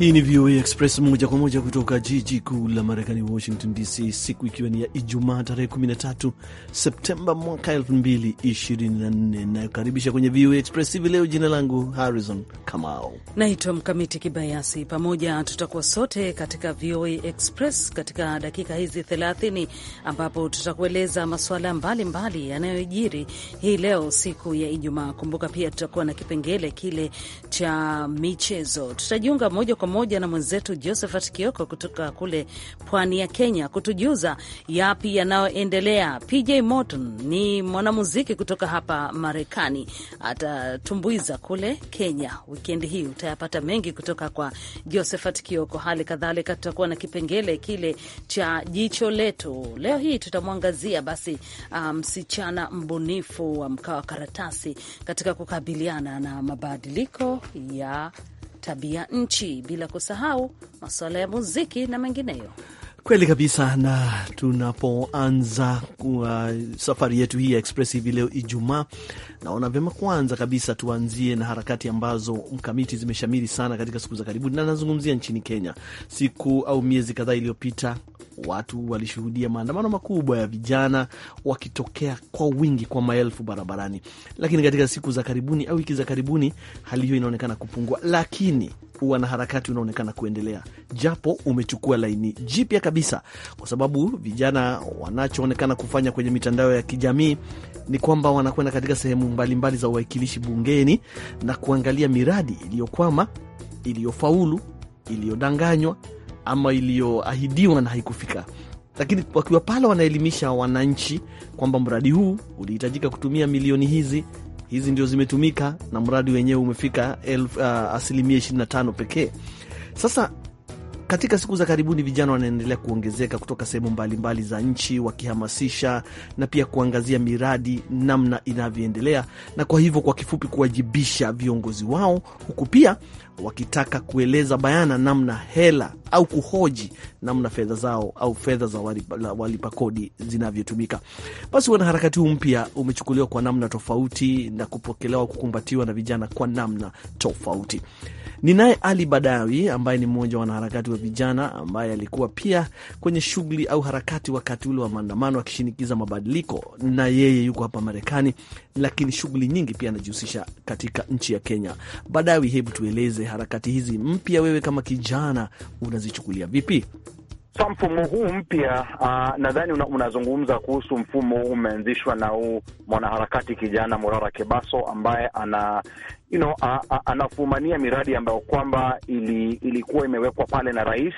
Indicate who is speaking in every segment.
Speaker 1: Hii ni VOA Express moja kwa moja kutoka jiji kuu la Marekani, Washington DC, siku ikiwa ni ya Ijumaa tarehe 13 Septemba mwaka 2024 inayokaribisha kwenye VOA Express hivi leo. Jina langu Harrison Kamau,
Speaker 2: naitwa Mkamiti Kibayasi. Pamoja tutakuwa sote katika VOA Express katika dakika hizi 30 ambapo tutakueleza masuala mbalimbali yanayojiri hii leo, siku ya Ijumaa. Kumbuka pia tutakuwa na kipengele kile cha michezo, tutajiunga moja kwa pamoja na mwenzetu Josephat Kioko kutoka kule pwani ya Kenya kutujuza yapi yanayoendelea. PJ Morton ni mwanamuziki kutoka hapa Marekani, atatumbuiza kule Kenya wikendi hii. Utayapata mengi kutoka kwa Josephat Kioko. Hali kadhalika tutakuwa na kipengele kile cha jicho letu. Leo hii tutamwangazia basi uh, msichana um, mbunifu wa mkaa wa karatasi katika kukabiliana na mabadiliko ya tabia nchi, bila kusahau masuala ya muziki na mengineyo.
Speaker 1: Kweli kabisa, na tunapoanza kwa uh, safari yetu hii ya Express hivi leo Ijumaa, naona vyema kwanza kabisa tuanzie na harakati ambazo mkamiti zimeshamiri sana katika siku za karibuni, na nazungumzia nchini Kenya. Siku au miezi kadhaa iliyopita, watu walishuhudia maandamano makubwa ya vijana wakitokea kwa wingi, kwa maelfu barabarani, lakini katika siku za karibuni au wiki za karibuni, hali hiyo inaonekana kupungua, lakini wanaharakati unaonekana kuendelea, japo umechukua laini jipya kabisa, kwa sababu vijana wanachoonekana kufanya kwenye mitandao ya kijamii ni kwamba wanakwenda katika sehemu mbalimbali mbali za uwakilishi bungeni na kuangalia miradi iliyokwama, iliyofaulu, iliyodanganywa ama iliyoahidiwa na haikufika lakini wakiwa pale wanaelimisha wananchi kwamba mradi huu ulihitajika kutumia milioni hizi hizi ndio zimetumika na mradi wenyewe umefika uh, asilimia 25 pekee. Sasa katika siku za karibuni vijana wanaendelea kuongezeka kutoka sehemu mbalimbali za nchi wakihamasisha na pia kuangazia miradi namna inavyoendelea, na kwa hivyo kwa kifupi kuwajibisha viongozi wao, huku pia wakitaka kueleza bayana namna hela au kuhoji namna fedha zao au fedha za walipa kodi zinavyotumika. Basi wanaharakati huu mpya umechukuliwa kwa namna tofauti na kupokelewa, kukumbatiwa na vijana kwa namna tofauti. Ni naye Ali Badawi ambaye ni mmoja wa wanaharakati wa vijana ambaye alikuwa pia kwenye shughuli au harakati wakati ule wa maandamano akishinikiza mabadiliko, na yeye yuko hapa Marekani, lakini shughuli nyingi pia anajihusisha katika nchi ya Kenya. Badawi, hebu tueleze harakati hizi mpya, wewe kama kijana unazichukulia vipi? Sa mfumo huu mpya
Speaker 3: uh, nadhani unazungumza una kuhusu mfumo huu umeanzishwa na huu mwanaharakati kijana Murara Kebaso ambaye ana you know, anafumania miradi ambayo kwamba ili, ilikuwa imewekwa pale na rais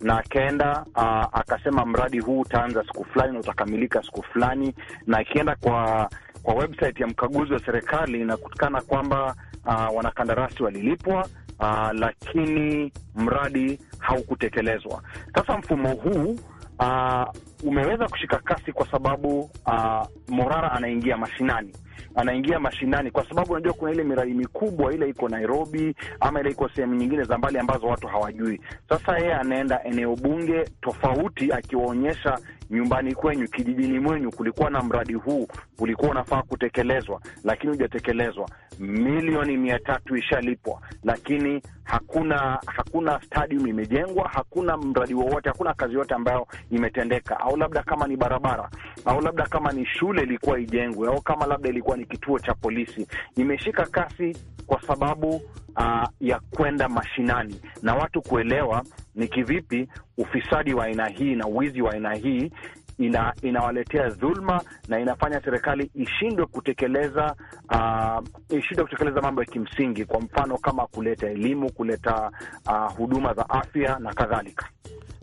Speaker 3: na akaenda akasema mradi huu utaanza siku fulani na utakamilika siku fulani, na akienda kwa kwa website ya mkaguzi wa serikali inakutikana kwamba uh, wanakandarasi walilipwa uh, lakini mradi haukutekelezwa. Sasa mfumo huu uh, umeweza kushika kasi kwa sababu uh, Morara anaingia mashinani anaingia mashinani, kwa sababu unajua kuna ile miradi mikubwa ile iko Nairobi ama ile iko sehemu nyingine za mbali ambazo watu hawajui. Sasa yeye anaenda eneo bunge tofauti, akiwaonyesha nyumbani kwenyu, kijijini mwenyu kulikuwa na mradi huu, ulikuwa unafaa kutekelezwa, lakini hujatekelezwa. Milioni mia tatu ishalipwa, lakini hakuna hakuna stadium imejengwa, hakuna mradi wowote, hakuna kazi yote ambayo imetendeka, au labda kama ni barabara, au labda kama ni shule ilikuwa ijengwe, au kama labda ilikuwa ni kituo cha polisi. Imeshika kasi kwa sababu uh, ya kwenda mashinani na watu kuelewa ni kivipi ufisadi wa aina hii na wizi wa aina hii ina, inawaletea dhulma na inafanya serikali ishindwe kutekeleza uh, ishindwe kutekeleza mambo ya kimsingi, kwa mfano kama kuleta elimu, kuleta uh, huduma za afya na kadhalika.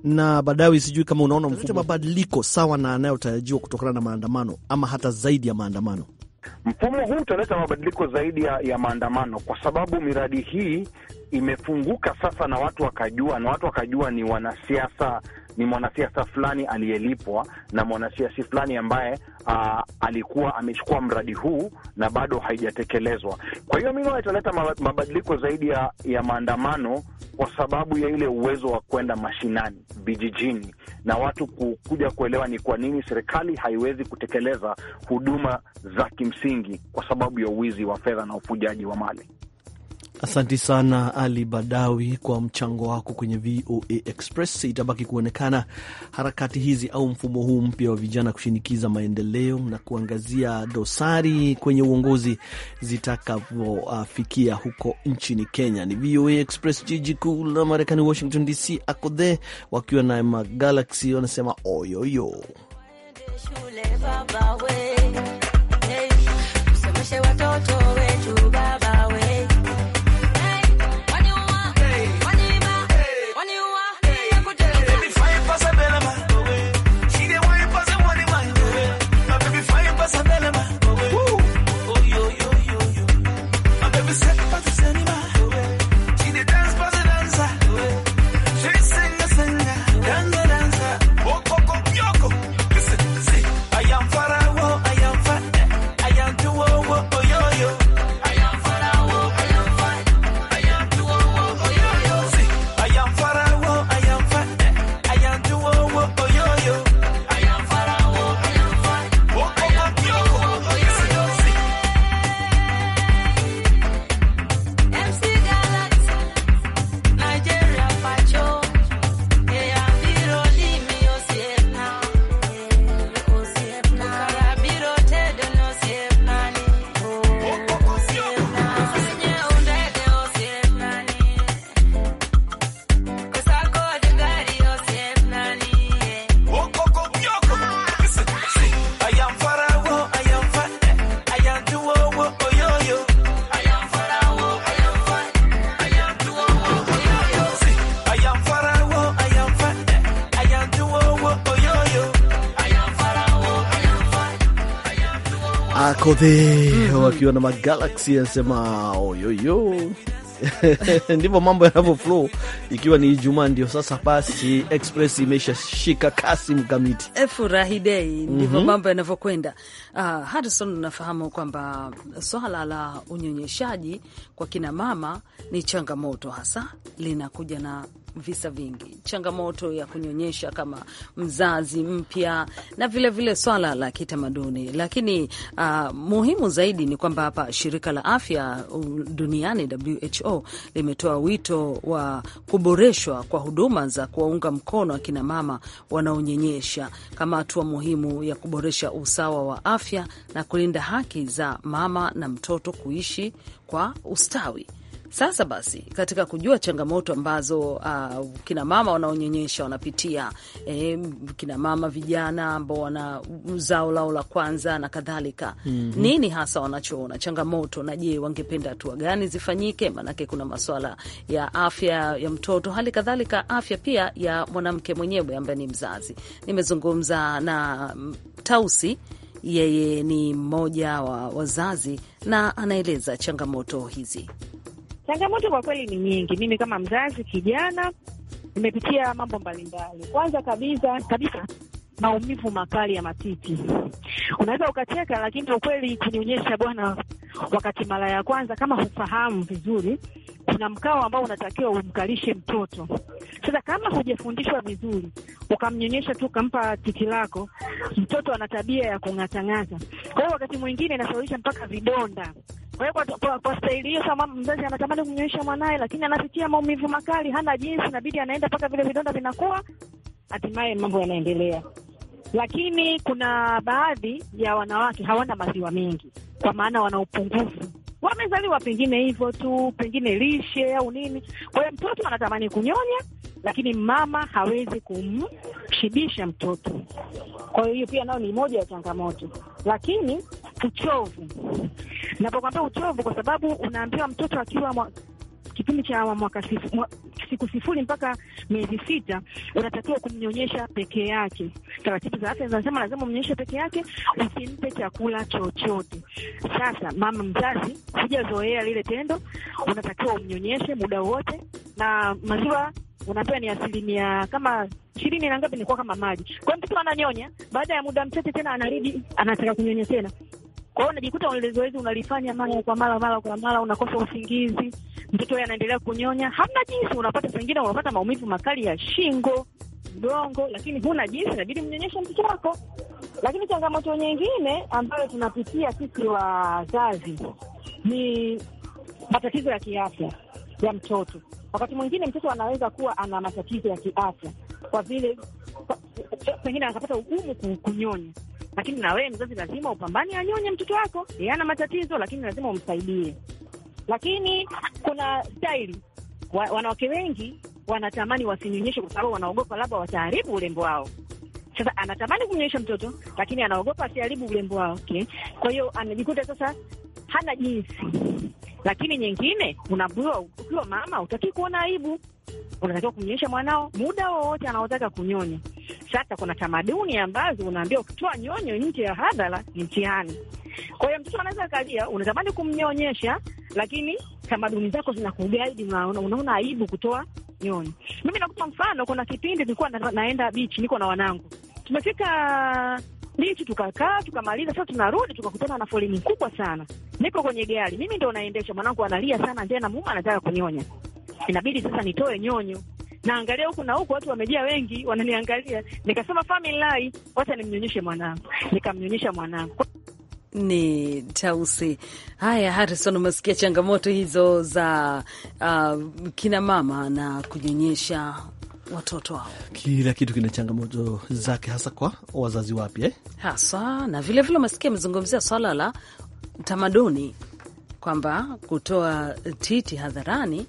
Speaker 1: Na Badawi, sijui kama unaona mfumo mabadiliko sawa na anayotarajiwa kutokana na maandamano ama hata zaidi ya maandamano.
Speaker 3: Mfumo huu utaleta mabadiliko zaidi ya, ya maandamano kwa sababu miradi hii imefunguka sasa, na watu wakajua, na watu wakajua ni wanasiasa, ni mwanasiasa fulani aliyelipwa na mwanasiasi fulani ambaye uh, alikuwa amechukua mradi huu na bado haijatekelezwa. Kwa hiyo mimi italeta mabadiliko zaidi ya, ya maandamano kwa sababu ya ile uwezo wa kwenda mashinani, vijijini na watu kuja kuelewa ni kwa nini serikali haiwezi kutekeleza huduma za kimsingi kwa sababu ya uwizi wa fedha na ufujaji wa mali.
Speaker 1: Asanti sana Ali Badawi kwa mchango wako kwenye VOA Express. Itabaki kuonekana harakati hizi au mfumo huu mpya wa vijana kushinikiza maendeleo na kuangazia dosari kwenye uongozi zitakavyofikia huko nchini Kenya. Ni VOA Express, jiji kuu la Marekani, Washington DC. Akodhe wakiwa na Magalaxy wanasema oyoyo.
Speaker 2: Kodhe
Speaker 1: mm -hmm. wakiwa na magalaxy yasema oyoyo ndivyo mambo yanavyo flow, ikiwa ni Ijumaa. Ndio sasa basi, express imeshashika kasi mkamiti,
Speaker 2: eh, furahi dei, ndivyo mm -hmm. mambo yanavyokwenda. Uh, ah, Harison, unafahamu kwamba swala la unyonyeshaji kwa kinamama ni changamoto, hasa linakuja na visa vingi, changamoto ya kunyonyesha kama mzazi mpya na vilevile vile swala la kitamaduni. Lakini uh, muhimu zaidi ni kwamba hapa shirika la afya uh, duniani WHO limetoa wito wa kuboreshwa kwa huduma za kuwaunga mkono akina mama wanaonyonyesha kama hatua muhimu ya kuboresha usawa wa afya na kulinda haki za mama na mtoto kuishi kwa ustawi. Sasa basi, katika kujua changamoto ambazo uh, kinamama wanaonyonyesha wanapitia, e, eh, kinamama vijana ambao wana zao lao la kwanza na kadhalika mm -hmm. Nini hasa wanachoona changamoto, na je, wangependa hatua gani zifanyike? Maanake kuna maswala ya afya ya mtoto, hali kadhalika afya pia ya mwanamke mwenyewe ambaye ni mzazi. Nimezungumza na Tausi, yeye ni mmoja wa wazazi na anaeleza changamoto hizi. Changamoto kwa kweli ni nyingi.
Speaker 4: Mimi kama mzazi kijana nimepitia mambo mbalimbali. Kwanza kabisa kabisa maumivu makali ya matiti. Unaweza ukacheka, lakini ukweli kunyonyesha bwana, wakati mara ya kwanza, kama hufahamu vizuri, kuna mkao ambao unatakiwa umkalishe mtoto. Sasa kama hujafundishwa vizuri, ukamnyonyesha tu ukampa titi lako, mtoto ana tabia ya kung'atang'ata. Kwa hiyo wakati mwingine inasababisha mpaka vidonda kwa hiyo kwa, kwa staili hiyo, kama mzazi anatamani kumnyoesha mwanaye, lakini anapitia maumivu makali, hana jinsi, inabidi anaenda mpaka vile vidonda vinakuwa, hatimaye mambo yanaendelea. Lakini kuna baadhi ya wanawake hawana maziwa mengi, kwa maana wana upungufu wamezaliwa pengine hivyo tu, pengine lishe au nini. Kwa hiyo mtoto anatamani kunyonya, lakini mama hawezi kumshibisha mtoto. Kwa hiyo hiyo pia nayo ni moja ya changamoto, lakini uchovu. Napokwambia uchovu, kwa sababu unaambiwa mtoto akiwa mwa kipindi cha mwaka sifu, mwa, siku sifuri mpaka miezi sita unatakiwa kumnyonyesha peke yake. Taratibu za afya zinasema lazima umnyonyeshe peke yake, usimpe chakula chochote. Sasa mama mzazi, hujazoea lile tendo, unatakiwa umnyonyeshe muda wote, na maziwa unapewa ni asilimia kama ishirini na ngapi, ni kwa kama maji. Kwa hiyo mtoto ananyonya, baada ya muda mchache tena anarudi, anataka kunyonya tena. Kwa hiyo unajikuta ile zoezi unalifanya mara kwa mara mara kwa mara, unakosa usingizi, mtoto yeye anaendelea kunyonya, hamna jinsi. Unapata pengine unapata maumivu makali ya shingo, mgongo, lakini huna jinsi, inabidi mnyonyeshe mtoto wako. Lakini changamoto nyingine ambayo tunapitia sisi wazazi ni matatizo ya kiafya ya mtoto. Wakati mwingine mtoto anaweza kuwa ana matatizo ya kiafya kwa vile pengine anapata ugumu kunyonya lakini na wewe mzazi lazima upambane, anyonye mtoto wako, yeye ana matatizo, lakini lazima umsaidie. Lakini kuna staili wa, wanawake wengi wanatamani wasinyonyeshe kwa sababu wanaogopa labda wataharibu urembo wao. Sasa anatamani kunyonyesha mtoto lakini anaogopa asiharibu urembo okay. kwa hiyo anajikuta sasa hana jinsi. Lakini nyingine, unaambiwa ukiwa mama utaki kuona aibu, unatakiwa kumnyonyesha mwanao muda wowote anaotaka kunyonya. Sasa kuna tamaduni ambazo unaambia ukitoa nyonyo nje ya hadhara ni mtihani. Kwa hiyo mtoto anaweza akalia, unatamani kumnyonyesha, lakini tamaduni zako zinakugaidi, unaona aibu kutoa nyonyo. Mimi nakupa mfano, kuna kipindi nilikuwa na, naenda bichi, niko na wanangu, tumefika bichi tukakaa, tukamaliza. Sasa tunarudi, tukakutana na foleni kubwa sana. Niko kwenye gari, mimi ndo naendesha, mwanangu analia sana, njia namuuma, anataka kunyonya, inabidi sasa nitoe nyonyo naangalia huku na huku, watu wamejia wengi wananiangalia, nikasema family life, wacha nimnyonyeshe mwanangu. Nikamnyonyesha mwanangu
Speaker 2: ni Tausi. Haya, Harison, umesikia changamoto hizo za uh, kina mama na kunyonyesha watoto wao.
Speaker 1: Kila kitu kina changamoto zake, hasa kwa wazazi wapya eh?
Speaker 2: Haswa na vilevile umesikia amezungumzia swala la tamaduni kwamba kutoa titi hadharani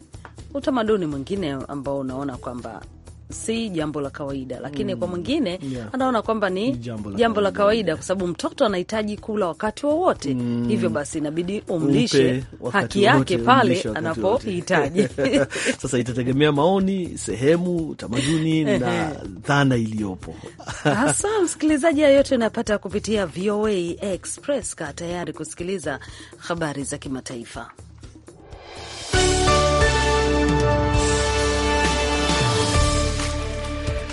Speaker 2: utamaduni mwingine ambao unaona kwamba si jambo la kawaida lakini, mm, kwa mwingine yeah, anaona kwamba ni jambo la jambo kawaida, kawaida kwa sababu mtoto anahitaji kula wakati wowote wa mm, hivyo basi inabidi umlishe haki yake pale anapohitaji.
Speaker 1: Sasa itategemea maoni, sehemu, tamaduni na dhana iliyopo hasa.
Speaker 2: Msikilizaji, hayo yote unapata kupitia VOA Express. Kaa tayari kusikiliza habari za kimataifa.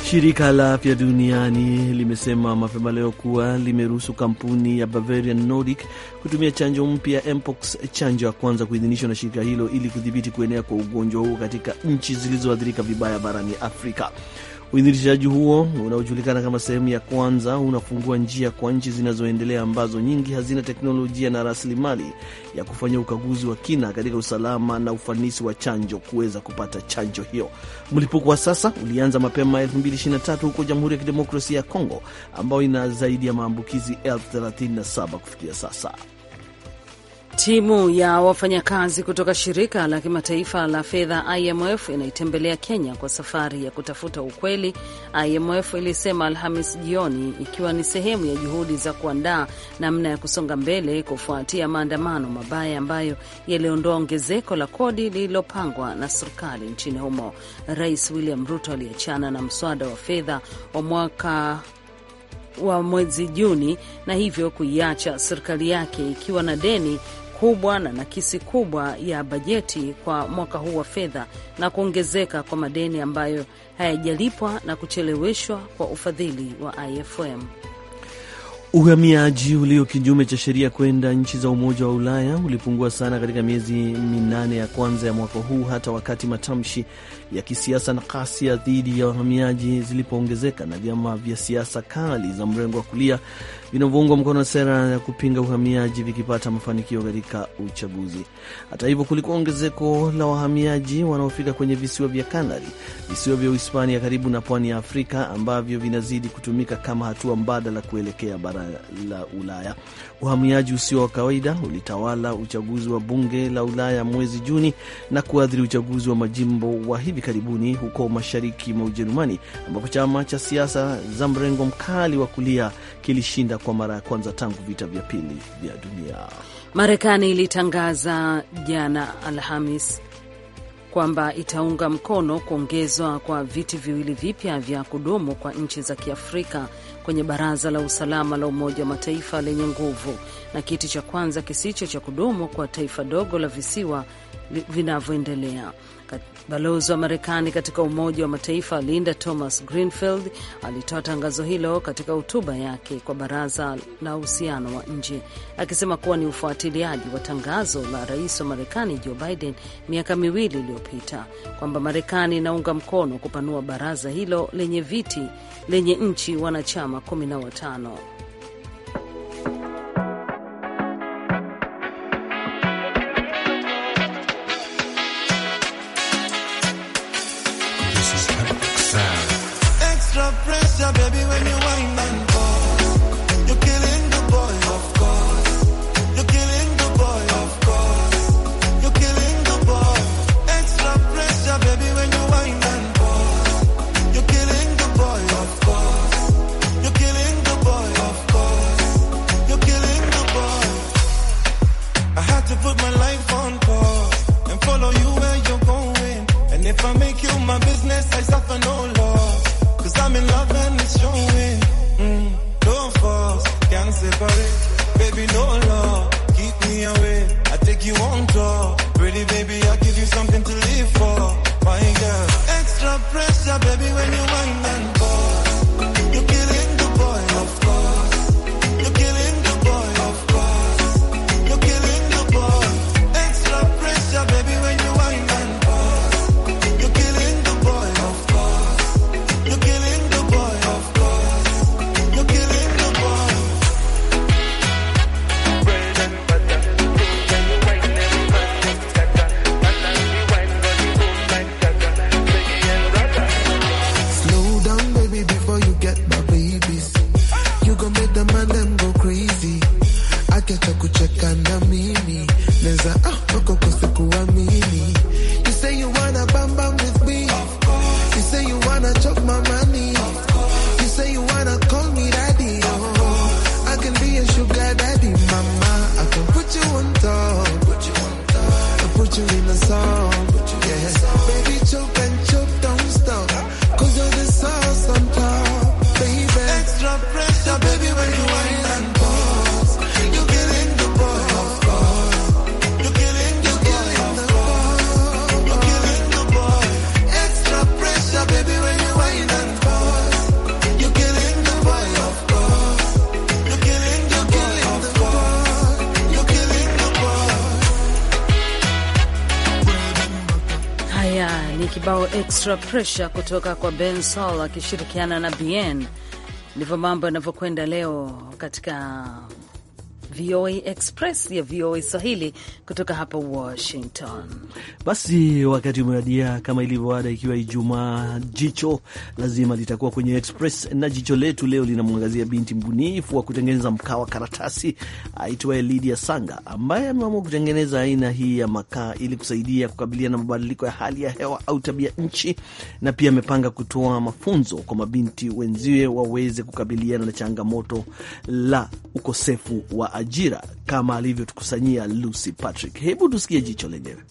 Speaker 1: Shirika la afya duniani limesema mapema leo kuwa limeruhusu kampuni ya Bavarian Nordic kutumia chanjo mpya ya mpox, chanjo ya kwanza kuidhinishwa na shirika hilo ili kudhibiti kuenea kwa ugonjwa huo katika nchi zilizoathirika vibaya barani Afrika. Uidhinishaji huo unaojulikana kama sehemu ya kwanza unafungua njia kwa nchi zinazoendelea ambazo nyingi hazina teknolojia na rasilimali ya kufanya ukaguzi wa kina katika usalama na ufanisi wa chanjo kuweza kupata chanjo hiyo. Mlipuko wa sasa ulianza mapema 2023 huko Jamhuri ya Kidemokrasia ya Kongo ambayo ina zaidi ya maambukizi 37 kufikia sasa.
Speaker 2: Timu ya wafanyakazi kutoka shirika la kimataifa la fedha IMF inaitembelea Kenya kwa safari ya kutafuta ukweli, IMF ilisema Alhamis jioni, ikiwa ni sehemu ya juhudi za kuandaa namna ya kusonga mbele kufuatia maandamano mabaya ambayo yaliondoa ongezeko la kodi lililopangwa na serikali nchini humo. Rais William Ruto aliachana na mswada wa fedha wa mwaka wa mwezi Juni na hivyo kuiacha serikali yake ikiwa na deni kubwa na nakisi kubwa ya bajeti kwa mwaka huu wa fedha na kuongezeka kwa madeni ambayo hayajalipwa na kucheleweshwa kwa ufadhili wa IFM.
Speaker 1: Uhamiaji ulio kinyume cha sheria kwenda nchi za Umoja wa Ulaya ulipungua sana katika miezi minane ya kwanza ya mwaka huu, hata wakati matamshi ya kisiasa na ghasia dhidi ya wahamiaji zilipoongezeka na vyama vya siasa kali za mrengo wa kulia vinavyoungwa mkono sera ya kupinga uhamiaji vikipata mafanikio katika uchaguzi. Hata hivyo, kulikuwa ongezeko la wahamiaji wanaofika kwenye visiwa vya Kanari, visiwa vya Uhispania karibu na pwani ya Afrika ambavyo vinazidi kutumika kama hatua mbadala kuelekea bara la Ulaya. Uhamiaji usio wa kawaida ulitawala uchaguzi wa bunge la Ulaya mwezi Juni na kuathiri uchaguzi wa majimbo wa hivi karibuni huko mashariki mwa Ujerumani, ambapo chama cha siasa za mrengo mkali wa kulia kilishinda kwa mara ya kwanza tangu vita vya pili vya dunia.
Speaker 2: Marekani ilitangaza jana Alhamis kwamba itaunga mkono kuongezwa kwa viti viwili vipya vya kudumu kwa nchi za Kiafrika kwenye Baraza la Usalama la Umoja wa Mataifa lenye nguvu na kiti cha kwanza kisicho cha kudumu kwa taifa dogo la visiwa vinavyoendelea. Balozi wa Marekani katika Umoja wa Mataifa Linda Thomas Greenfield alitoa tangazo hilo katika hotuba yake kwa Baraza la Uhusiano wa Nje, akisema kuwa ni ufuatiliaji wa tangazo la rais wa Marekani Joe Biden miaka miwili iliyopita kwamba Marekani inaunga mkono kupanua baraza hilo lenye viti lenye nchi wanachama kumi na watano. Extra Pressure kutoka kwa Ben Sol akishirikiana na Bien. Ndivyo mambo yanavyokwenda leo katika VOA Express ya VOA Swahili kutoka hapa Washington.
Speaker 1: Basi wakati umewadia, kama ilivyo ada, ikiwa Ijumaa, jicho lazima litakuwa kwenye Express na jicho letu leo linamwangazia binti mbunifu wa kutengeneza mkaa wa karatasi aitwaye Lydia Sanga, ambaye ameamua kutengeneza aina hii ya makaa ili kusaidia kukabiliana na mabadiliko ya hali ya hewa au tabia nchi, na pia amepanga kutoa mafunzo kwa mabinti wenziwe waweze kukabiliana na changamoto la ukosefu wa ajira kama alivyotukusanyia Lucy Pat. Patrick. Hebu tusikie jicho lenyewe.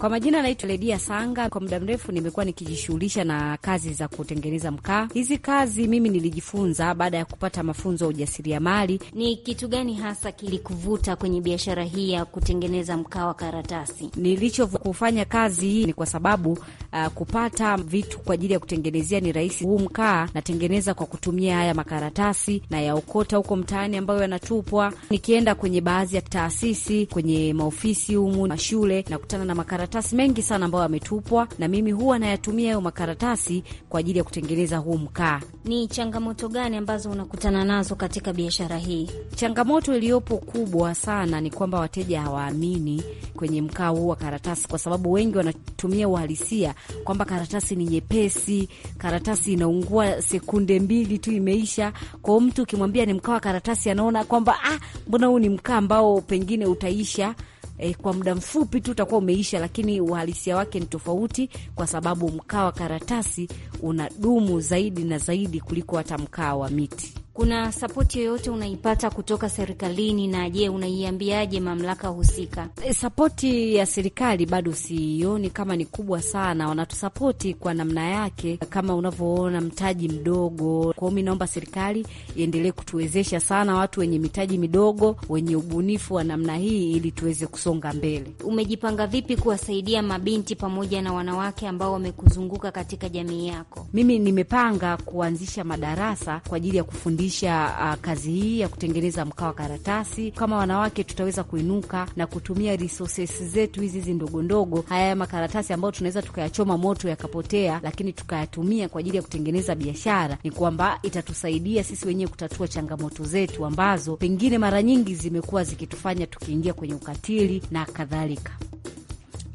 Speaker 5: Kwa majina naitwa Ledia Sanga. Kwa muda mrefu nimekuwa nikijishughulisha na kazi za kutengeneza mkaa. Hizi kazi mimi nilijifunza baada ya kupata mafunzo ya ujasiriamali. Ni kitu gani hasa kilikuvuta kwenye biashara hii ya kutengeneza mkaa wa karatasi? Nilichokufanya kazi hii ni kwa sababu uh, kupata vitu kwa ajili ya kutengenezea ni rahisi. Huu mkaa natengeneza kwa kutumia haya makaratasi na yaokota huko mtaani ambayo yanatupwa. Nikienda kwenye baadhi ya taasisi, kwenye maofisi humu, mashule nakutana na makaratasi makaratasi mengi sana ambayo yametupwa, na mimi huwa nayatumia hayo makaratasi kwa ajili ya kutengeneza huu mkaa. Ni changamoto gani ambazo unakutana nazo katika biashara hii? Changamoto iliyopo kubwa sana ni kwamba wateja hawaamini kwenye mkaa huu wa karatasi, kwa sababu wengi wanatumia uhalisia kwamba karatasi ni nyepesi, karatasi inaungua sekunde mbili tu imeisha. Kwa hiyo mtu ukimwambia ni mkaa wa karatasi, anaona kwamba ah, mbona huu ni mkaa ambao pengine utaisha eh, kwa muda mfupi tu utakuwa umeisha, lakini uhalisia wake ni tofauti, kwa sababu mkaa wa karatasi unadumu zaidi na zaidi kuliko hata mkaa wa miti kuna sapoti yoyote unaipata kutoka serikalini? Na je, unaiambiaje mamlaka husika? E, sapoti ya serikali bado siioni kama ni kubwa sana. Wanatusapoti kwa namna yake, kama unavyoona mtaji mdogo. Kwao mi naomba serikali iendelee kutuwezesha sana watu wenye mitaji midogo, wenye ubunifu wa namna hii, ili tuweze kusonga mbele. Umejipanga vipi kuwasaidia mabinti pamoja na wanawake ambao wamekuzunguka katika jamii yako? Mimi nimepanga kuanzisha madarasa kwa ajili ya kufundisha kuzidisha uh, ah, kazi hii ya kutengeneza mkaa wa karatasi. Kama wanawake tutaweza kuinuka na kutumia resources zetu hizi hizi ndogo ndogo, haya makaratasi ambayo tunaweza tukayachoma moto yakapotea, lakini tukayatumia kwa ajili ya kutengeneza biashara, ni kwamba itatusaidia sisi wenyewe kutatua changamoto zetu ambazo pengine mara nyingi zimekuwa zikitufanya tukiingia kwenye ukatili na kadhalika.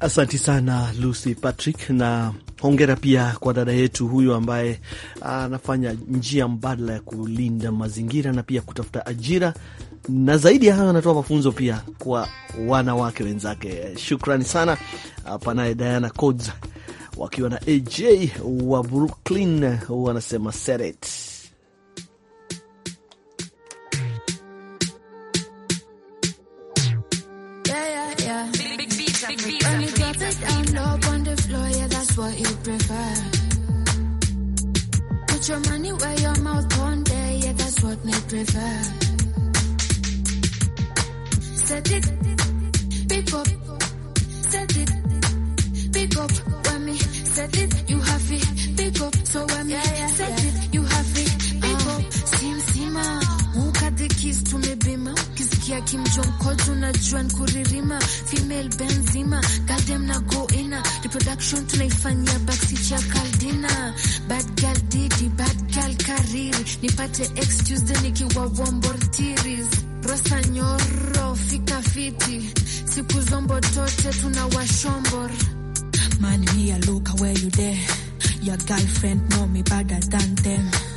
Speaker 1: Asanti sana Lucy Patrick, na hongera pia kwa dada yetu huyo ambaye anafanya njia mbadala ya kulinda mazingira na pia kutafuta ajira, na zaidi ya hayo anatoa mafunzo pia kwa wanawake wenzake. Shukrani sana. Hapa naye Diana Cods wakiwa na AJ wa Brooklyn wanasema seret
Speaker 6: what you prefer. Put your money where your mouth on there, yeah, that's what me prefer. Set it, pick up, set it, pick up. When me set it, you have it, pick up. So when me yeah, yeah, set yeah. it, you have it, pick um, up. Uh. Sim sima, who muka the keys to me bima. Kim Jong kotu na Juan kuririma female Benzima goddamn na go goina reproduction tunaifanyia baksi ya Kaldina bad girl didi bad girl kariri nipate excuse nikiwa wombortiris rosa nyoro fika fiti siku zombo tote tuna washombor man me a look where you there your girlfriend know me better than them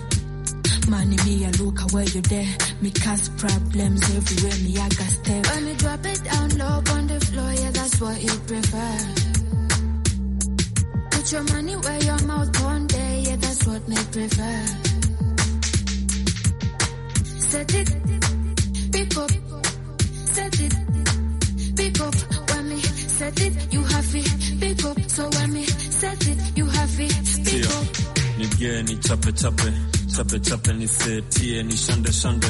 Speaker 6: Money me I look where you there. Me cause problems everywhere me I got step. When to drop it down low on the floor, yeah, that's what you prefer. Put your money where your mouth on there, yeah, that's what me prefer. Set it, pick up, set it, pick up. When me set it, you have it, pick up. So when me set it, you have it, pick
Speaker 7: up. Nigga, ni chape chape. chape chape ni setie eh, ni shande shande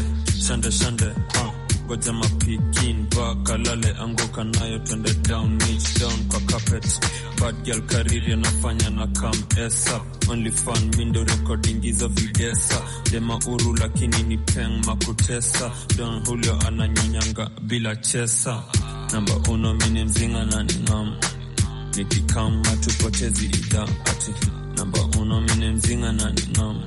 Speaker 7: shande shande ha ah. goja mapikin va kalale anguka nayo twende down niche down kwa carpet bad girl kariri anafanya na kam esa only fan mindo recording is hizo videsa dema uru lakini ni peng makutesa don Julio ananyanyanga bila chesa namba uno mini mzinga na ningam nikikama tupotezi idhaa ati namba uno mini mzinga na ningam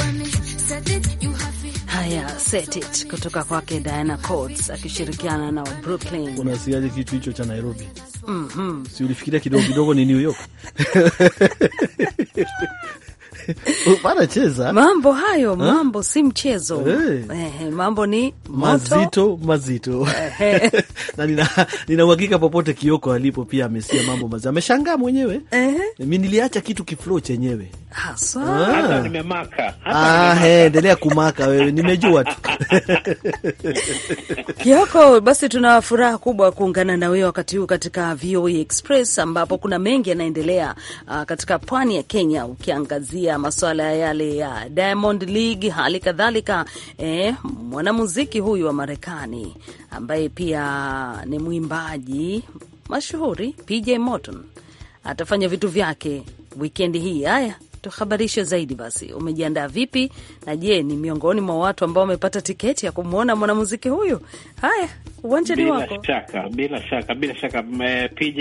Speaker 6: Haya, set
Speaker 2: it kutoka kwake Diana Coats akishirikiana na Brooklyn. Unasikiaje kitu hicho cha Nairobi? Mm -hmm.
Speaker 1: Si ulifikiria kidogo kidogo ni New York? Anacheza mambo
Speaker 2: hayo, mambo si mchezo hey. mambo ni moto, mazito
Speaker 1: mazito na nina, nina uhakika popote Kioko alipo pia amesia mambo mazito, ameshangaa mwenyewe mi niliacha kitu kiflo chenyewe
Speaker 2: hasa ah. nimemaka.
Speaker 1: Ah, endelea kumaka wewe, nimejua tu
Speaker 2: Kioko, basi tuna furaha kubwa kuungana na wewe wakati huu katika VOA e Express ambapo kuna mengi yanaendelea ah, katika pwani ya Kenya ukiangazia maswala yale ya Diamond League, hali kadhalika eh, mwanamuziki huyu wa Marekani ambaye pia ni mwimbaji mashuhuri PJ Morton atafanya vitu vyake wikendi hii. Haya, tuhabarishe zaidi basi. Umejiandaa vipi? Na je, ni miongoni mwa watu ambao wamepata tiketi ya kumwona mwanamuziki huyu? Haya, uwanjani wako. Bila
Speaker 7: shaka, bila shaka, bila shaka. Eh, PJ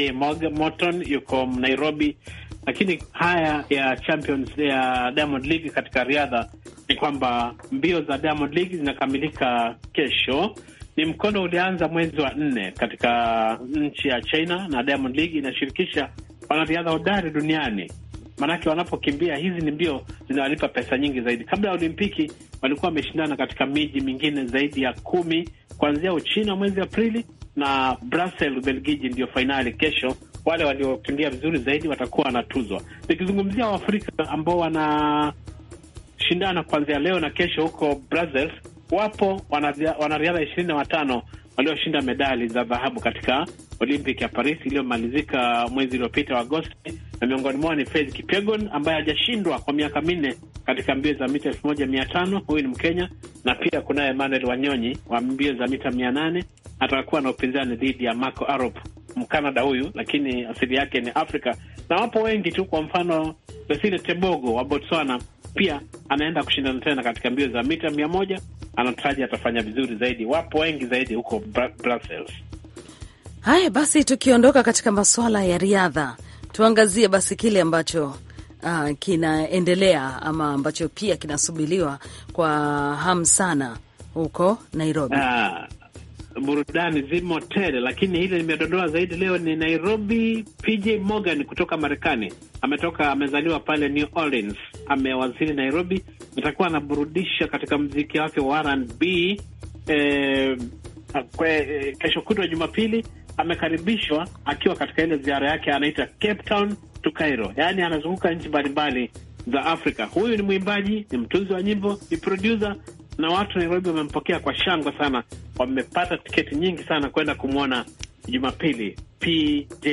Speaker 7: Morton yuko Nairobi lakini haya ya Champions ya Diamond League katika riadha ni kwamba mbio za Diamond League zinakamilika kesho. Ni mkondo ulianza mwezi wa nne katika nchi ya China, na Diamond League inashirikisha wanariadha hodari duniani maanake wanapokimbia hizi ni mbio zinawalipa pesa nyingi zaidi. Kabla ya Olimpiki walikuwa wameshindana katika miji mingine zaidi ya kumi kuanzia Uchina mwezi Aprili na Brussels, Ubelgiji, ndio fainali kesho wale waliokimbia vizuri zaidi watakuwa wanatuzwa. Nikizungumzia Waafrika ambao wanashindana kuanzia leo na kesho huko Brazil, wapo wanariadha ishirini na watano walioshinda medali za dhahabu katika Olympic ya Paris iliyomalizika mwezi uliopita wa Agosti, na miongoni mwao ni Faith Kipyegon ambaye hajashindwa kwa miaka minne katika mbio za mita elfu moja mia tano. Huyu ni Mkenya, na pia kunaye Emmanuel Wanyonyi wa mbio za mita mia nane atakuwa na upinzani dhidi ya Marco Arop Mkanada huyu lakini asili yake ni Afrika, na wapo wengi tu. Kwa mfano Lesile Tebogo wa Botswana pia anaenda kushindana tena katika mbio za mita mia moja, anataraji atafanya vizuri zaidi. Wapo wengi zaidi huko Brussels.
Speaker 2: Haya basi, tukiondoka katika masuala ya riadha, tuangazie basi kile ambacho uh, kinaendelea ama ambacho pia kinasubiliwa kwa hamu sana huko Nairobi. Aa,
Speaker 7: ah, burudani zimo tele, lakini ile nimedondoa zaidi leo ni Nairobi. PJ Morgan kutoka Marekani ametoka, amezaliwa pale New Orleans, amewazili Nairobi, atakuwa anaburudisha katika mziki wake wa R&B eh, eh, kesho kutwa Jumapili. Amekaribishwa akiwa katika ile ziara yake anaita Cape Town to Cairo, yaani anazunguka nchi mbalimbali za Afrika. Huyu ni mwimbaji, ni mtunzi wa nyimbo, ni producer na watu Nairobi wamempokea kwa shangwe sana, wamepata tiketi nyingi sana kwenda kumwona Jumapili. PJ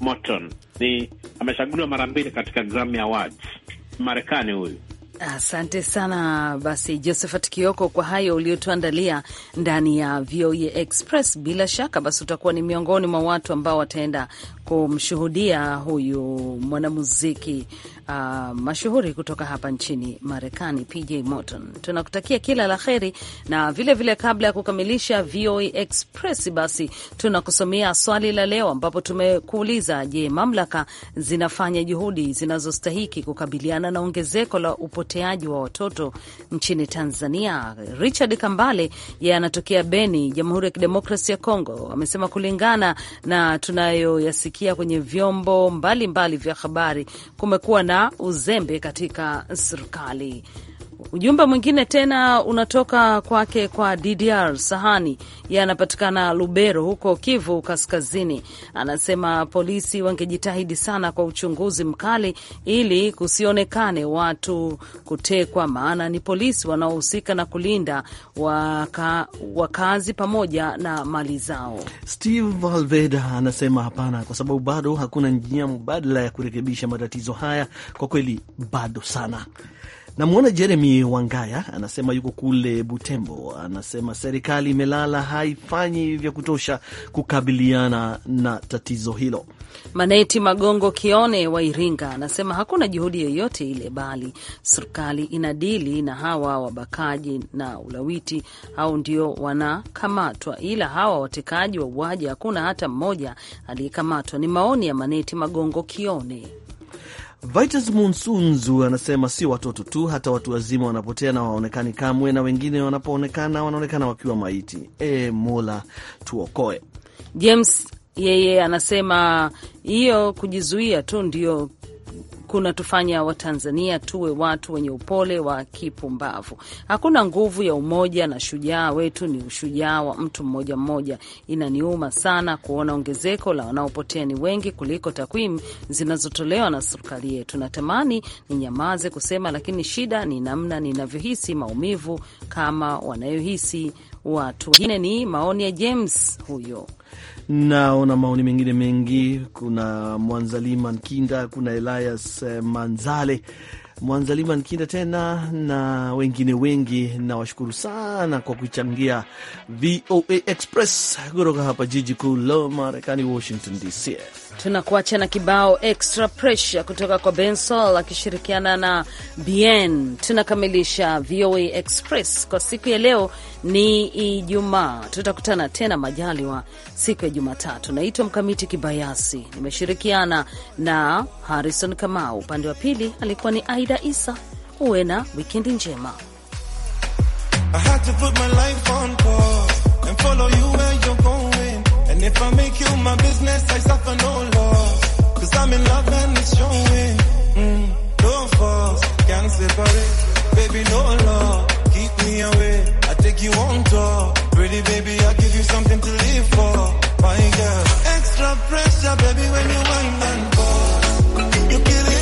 Speaker 7: Morton ni amechaguliwa mara mbili katika Grammy Awards Marekani huyu.
Speaker 2: Asante sana basi Josephat Kioko kwa hayo uliotuandalia ndani ya VOA e Express. Bila shaka basi utakuwa ni miongoni mwa watu ambao wataenda kumshuhudia huyu mwanamuziki uh, mashuhuri kutoka hapa nchini Marekani, PJ Morton. Tunakutakia kila la heri, na vilevile vile kabla ya kukamilisha VOA Express, basi tunakusomea swali la leo, ambapo tumekuuliza, je, mamlaka zinafanya juhudi zinazostahiki kukabiliana na ongezeko la upoteaji wa watoto nchini Tanzania? Richard Kambale yeye anatokea Beni, Jamhuri ya kidemokrasi ya congo amesema kulingana na tunayoyasikia kusikia kwenye vyombo mbalimbali mbali vya habari kumekuwa na uzembe katika serikali. Ujumbe mwingine tena unatoka kwake kwa DDR Sahani, yeye anapatikana Lubero huko Kivu Kaskazini. Anasema polisi wangejitahidi sana kwa uchunguzi mkali, ili kusionekane watu kutekwa, maana ni polisi wanaohusika na kulinda waka, wakazi pamoja na mali zao.
Speaker 1: Steve Valveda anasema hapana, kwa sababu bado hakuna njia mbadala ya kurekebisha matatizo haya. Kwa kweli bado sana Namwona Jeremy Wangaya anasema yuko kule Butembo, anasema
Speaker 2: serikali imelala, haifanyi vya kutosha kukabiliana na tatizo hilo. Maneti Magongo Kione wa Iringa anasema hakuna juhudi yoyote ile, bali serikali inadili na hawa wabakaji na ulawiti, au ndio wanakamatwa, ila hawa watekaji wa uwaji hakuna hata mmoja aliyekamatwa. Ni maoni ya Maneti Magongo Kione.
Speaker 1: Vitus Munsunzu anasema si watoto tu, hata watu wazima wanapotea na waonekani kamwe, na wengine wanapoonekana wanaonekana
Speaker 2: wakiwa maiti. E Mola, tuokoe. James yeye anasema hiyo kujizuia tu ndio kunatufanya Watanzania tuwe watu wenye upole wa kipumbavu. Hakuna nguvu ya umoja, na shujaa wetu ni ushujaa wa mtu mmoja mmoja. Inaniuma sana kuona ongezeko la wanaopotea ni wengi kuliko takwimu zinazotolewa na serikali yetu. Natamani nyamaze kusema, lakini shida ni namna ninavyohisi maumivu kama wanayohisi watu wengine. Ni maoni ya James huyo.
Speaker 1: Naona maoni mengine mengi. Kuna Mwanzalima Nkinda, kuna Elias eh, Manzale Mwanzalima Nkinda tena na wengine wengi. Nawashukuru sana kwa kuchangia VOA Express kutoka hapa jiji kuu la Marekani, Washington
Speaker 2: DC. Tunakuacha na kibao extra pressure kutoka kwa Bensol akishirikiana na Bien. Tunakamilisha VOA Express kwa siku ya leo. Ni Ijumaa, tutakutana tena majaliwa siku ya Jumatatu. Naitwa Mkamiti Kibayasi, nimeshirikiana na Harrison Kamau, upande wa pili alikuwa ni Aida Isa. Uwe na wikendi njema.
Speaker 7: I had to put my life
Speaker 1: on And if I make you my business, I suffer no loss. Cause I'm in love and it's showing. Mm, don't force, can't separate. Baby, no law, keep me away. I take you on
Speaker 6: tour. Pretty baby, i give you something to live for. My girl, extra pressure, baby, when you wind and fall. You kill it.